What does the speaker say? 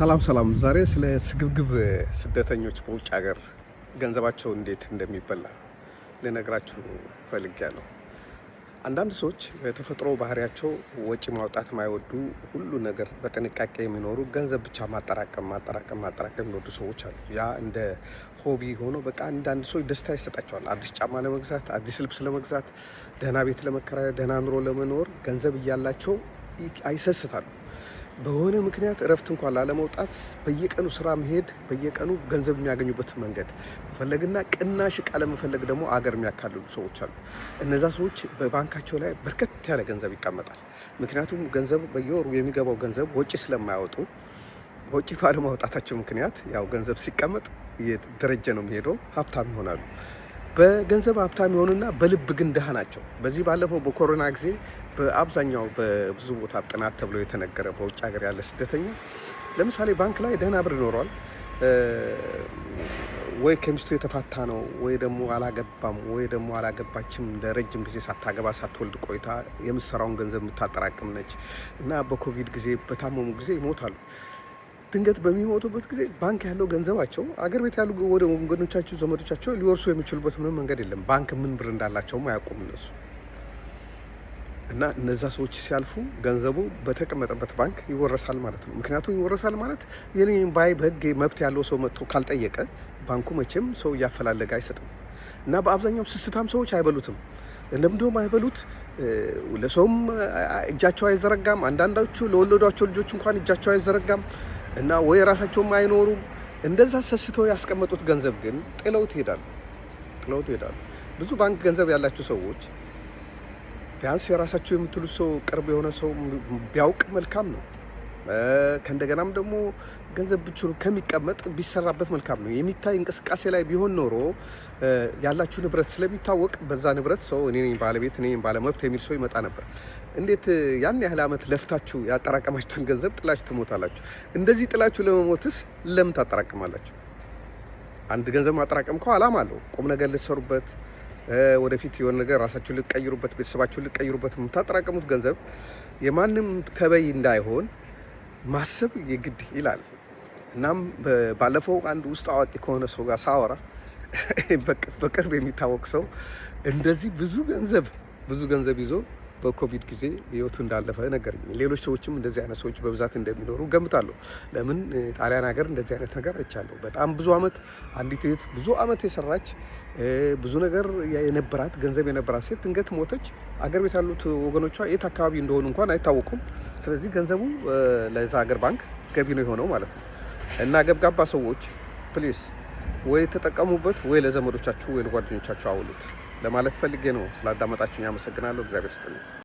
ሰላም ሰላም። ዛሬ ስለ ስግብግብ ስደተኞች በውጭ ሀገር ገንዘባቸው እንዴት እንደሚበላ ልነግራችሁ ፈልጌያለሁ። አንዳንድ ሰዎች በተፈጥሮ ባህሪያቸው ወጪ ማውጣት ማይወዱ፣ ሁሉ ነገር በጥንቃቄ የሚኖሩ፣ ገንዘብ ብቻ ማጠራቀም ማጠራቀም ማጠራቀም የሚወዱ ሰዎች አሉ። ያ እንደ ሆቢ ሆኖ በቃ አንዳንድ ሰዎች ደስታ ይሰጣቸዋል። አዲስ ጫማ ለመግዛት፣ አዲስ ልብስ ለመግዛት፣ ደህና ቤት ለመከራየት፣ ደህና ኑሮ ለመኖር ገንዘብ እያላቸው አይሰስታሉ። በሆነ ምክንያት እረፍት እንኳን ላለመውጣት በየቀኑ ስራ መሄድ በየቀኑ ገንዘብ የሚያገኙበት መንገድ መፈለግና ቅናሽ እቃ ለመፈለግ ደግሞ አገር የሚያካልሉ ሰዎች አሉ። እነዛ ሰዎች በባንካቸው ላይ በርከት ያለ ገንዘብ ይቀመጣል። ምክንያቱም ገንዘብ በየወሩ የሚገባው ገንዘብ ወጪ ስለማያወጡ ወጪ ባለማውጣታቸው ምክንያት ያው ገንዘብ ሲቀመጥ እየደረጀ ነው የሚሄደው፣ ሀብታም ይሆናሉ። በገንዘብ ሀብታም የሆኑና በልብ ግን ድሃ ናቸው። በዚህ ባለፈው በኮሮና ጊዜ በአብዛኛው በብዙ ቦታ ጥናት ተብሎ የተነገረ በውጭ ሀገር ያለ ስደተኛ ለምሳሌ ባንክ ላይ ደህና ብር ይኖረዋል። ወይ ከሚስቱ የተፋታ ነው፣ ወይ ደግሞ አላገባም፣ ወይ ደግሞ አላገባችም። ለረጅም ጊዜ ሳታገባ ሳትወልድ ቆይታ የምትሰራውን ገንዘብ የምታጠራቅም ነች እና በኮቪድ ጊዜ በታመሙ ጊዜ ይሞታሉ። ድንገት በሚሞቱበት ጊዜ ባንክ ያለው ገንዘባቸው አገር ቤት ያሉ ወደ ወገኖቻቸው ዘመዶቻቸው ሊወርሱ የሚችሉበት ምንም መንገድ የለም። ባንክ ምን ብር እንዳላቸውም አያውቁም እነሱ እና እነዛ ሰዎች ሲያልፉ ገንዘቡ በተቀመጠበት ባንክ ይወረሳል ማለት ነው። ምክንያቱም ይወረሳል ማለት የኔ ባይ በህግ መብት ያለው ሰው መጥቶ ካልጠየቀ ባንኩ መቼም ሰው እያፈላለገ አይሰጥም። እና በአብዛኛው ስስታም ሰዎች አይበሉትም። እንደምንድነው አይበሉት? ለሰውም እጃቸው አይዘረጋም። አንዳንዶቹ ለወለዷቸው ልጆች እንኳን እጃቸው አይዘረጋም። እና ወይ ራሳቸውም አይኖሩም። እንደዛ ሰስተው ያስቀመጡት ገንዘብ ግን ጥለውት ይሄዳሉ፣ ጥለውት ይሄዳሉ። ብዙ ባንክ ገንዘብ ያላቸው ሰዎች ቢያንስ የራሳቸው የምትሉት ሰው ቅርብ የሆነ ሰው ቢያውቅ መልካም ነው። ከእንደገናም ደግሞ ገንዘብ ብችሉ ከሚቀመጥ ቢሰራበት መልካም ነው። የሚታይ እንቅስቃሴ ላይ ቢሆን ኖሮ ያላችሁ ንብረት ስለሚታወቅ በዛ ንብረት ሰው እኔ ነኝ ባለቤት እኔ ነኝ ባለመብት የሚል ሰው ይመጣ ነበር። እንዴት ያን ያህል ዓመት ለፍታችሁ ያጠራቀማችሁን ገንዘብ ጥላችሁ ትሞታላችሁ? እንደዚህ ጥላችሁ ለመሞትስ ለምን ታጠራቅማላችሁ? አንድ ገንዘብ ማጠራቀም እኮ አላማ አለው። ቁም ነገር ልትሰሩበት ወደፊት የሆነ ነገር ራሳችሁን ልትቀይሩበት ቤተሰባችሁን ልትቀይሩበት የምታጠራቀሙት ገንዘብ የማንም ተበይ እንዳይሆን ማሰብ የግድ ይላል። እናም ባለፈው አንድ ውስጥ አዋቂ ከሆነ ሰው ጋር ሳወራ በቅርብ የሚታወቅ ሰው እንደዚህ ብዙ ገንዘብ ብዙ ገንዘብ ይዞ በኮቪድ ጊዜ ህይወቱ እንዳለፈ ነገረኝ። ሌሎች ሰዎችም እንደዚህ አይነት ሰዎች በብዛት እንደሚኖሩ ገምታሉ። ለምን ጣሊያን ሀገር እንደዚህ አይነት ነገር አይቻለሁ። በጣም ብዙ አመት አንዲት እህት ብዙ አመት የሰራች ብዙ ነገር የነበራት ገንዘብ የነበራት ሴት ድንገት ሞተች። አገር ቤት ያሉት ወገኖቿ የት አካባቢ እንደሆኑ እንኳን አይታወቁም። ስለዚህ ገንዘቡ ለዛ ሀገር ባንክ ገቢ ነው የሆነው ማለት ነው። እና ገብጋባ ሰዎች ፕሊስ ወይ ተጠቀሙበት፣ ወይ ለዘመዶቻችሁ ወይ ለጓደኞቻችሁ አውሉት ለማለት ፈልጌ ነው። ስላዳመጣችሁኝ አመሰግናለሁ። እግዚአብሔር ይስጥልኝ።